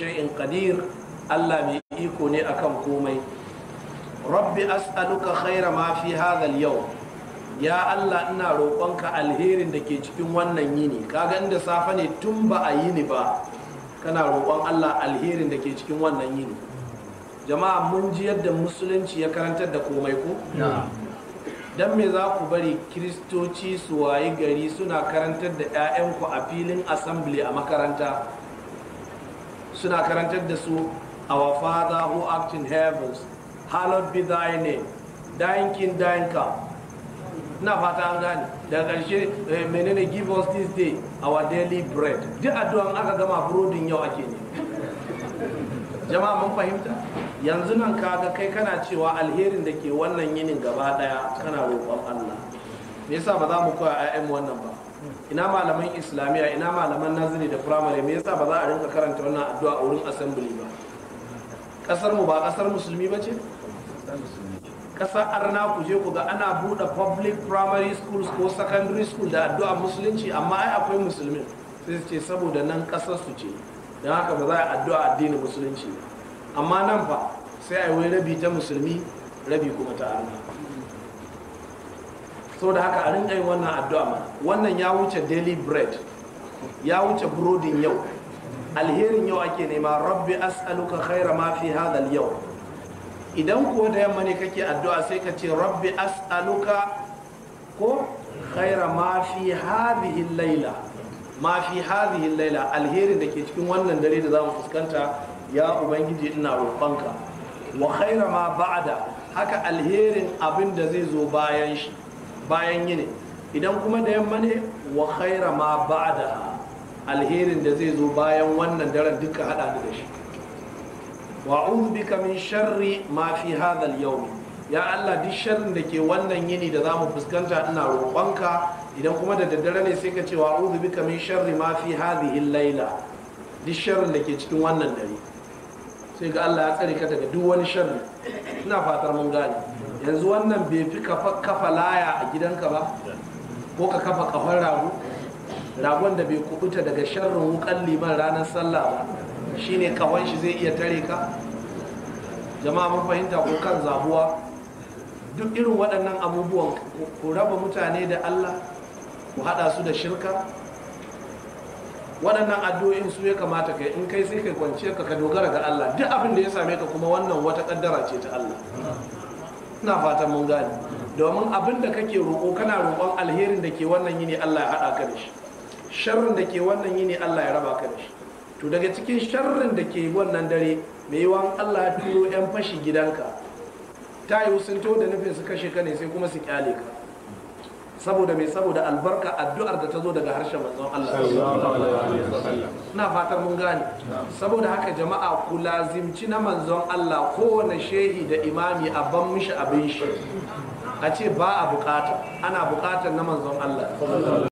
shay'in qadir Allah mai iko ne akan komai rabbi as'aluka khaira ma fi hadha al ya Allah ina roƙonka alherin da ke cikin wannan yini kaga inda safa ne tun ba a yini ba kana roƙon Allah alherin da ke cikin wannan yini jama'a mun ji yadda musulunci ya karantar da komai ko dan me za ku bari kiristoci su wayi gari suna karantar da 'ya'yanku a filin assembly a makaranta suna karantar da su our father who act in heavens hallowed be thy name thine dying come na fata an gane Da ƙarshe eh, menene give us this day our daily bread duk addu'an aka gama burodin yau ake ne jama'a mun fahimta yanzu nan kaga kai kana cewa alherin da ke wannan yinin gaba daya kana roƙon Allah me yasa ba za mu koya 'ya'yan wannan ba ina malaman islamiyya ina malaman naziri da firamare me yasa ba za a rinka karanta wannan addu'a a wurin assembly ba kasar mu ba kasar musulmi ba ce kasar arna ku je ku ga ana buɗe public primary schools ko secondary school da addu'a musulunci amma ai akwai musulmin sai su ce saboda nan kasar su ce don haka ba za a addu'a addinin musulunci amma nan fa sai a yi rabi ta musulmi rabi kuma ta arna saboda haka a rinka yin wannan addu'a ma wannan ya wuce daily bread ya wuce burodin yau alherin yau ake nema rabbi as'aluka khaira ma fi hadal yau idan kuwa da yamma ne kake addu'a sai ka ce rabbi as'aluka ko khaira ma fi hadhihi laila ma fi hadhihi laila alherin da ke cikin wannan dare da za mu fuskanta ya ubangiji ina roƙonka wa khaira ma ba'da haka alherin abin da zai zo bayan shi bayan yini idan kuma da yamma ne wa khaira ma ba'da alherin da zai zo bayan wannan daren duka hada da shi wa bika min sharri ma fi hadha al ya Allah duk sharrin da ke wannan yini da zamu fuskanta ina roƙonka idan kuma da daddare ne sai ka ce wa a'udhu bika min sharri ma fi hadhihi al-laila duk sharrin da ke cikin wannan dare sai ga Allah ya tsare ka daga duk wani sharri ina fatar mun gane yanzu wannan bai fi kafa kafa laya a gidanka ba ko ka kafa kafar rago ragon da bai kubuta daga sharrin wukan liman ranar sallah ba shine kafan shi zai iya tare ka jama'a mun fahimta ko kan zabuwa duk irin waɗannan abubuwan ku raba mutane da Allah ku haɗa su da shirka waɗannan addu'o'in su ya kamata kai in kai sai kai kwance ka ka dogara ga Allah duk abin da ya same ka kuma wannan wata kaddara ce ta Allah ina fatan mun gane domin abin da kake roƙo kana roƙon alherin da ke wannan yini Allah ya haɗa ka da shi sharrin da ke wannan yini Allah ya raba ka da shi to daga cikin sharrin da ke wannan dare mai yawan Allah ya turo 'yan fashi gidanka ta yi sun to da nufin su kashe ka ne sai kuma su kyale ka saboda mai saboda albarka addu'ar da ta zo daga harshen manzon Allah na fatar mun gane saboda haka jama'a ku lazimci na manzon Allah kowane shehi da imami a ban mishi abin shi a ce ba a bukata ana bukatar na manzon Allah